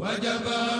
وجب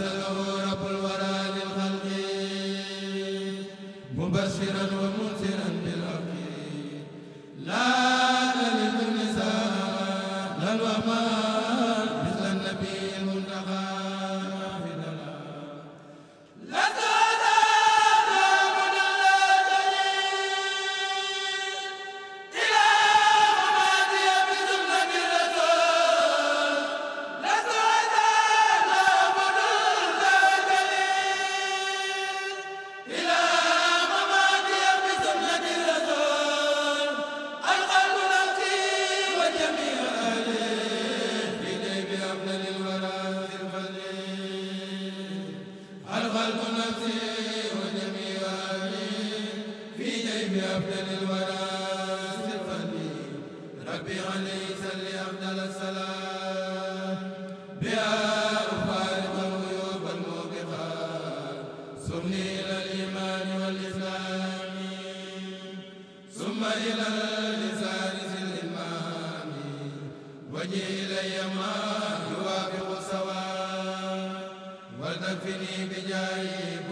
أرسله رب ربي عليه سلي أفضل السلام بها أفارق الغيوب الموبقة سرني إلى الإيمان والإسلام ثم إلى اللسان ذي الإمام وجه إلي ما يوافق سواء ولتكفني بجاهي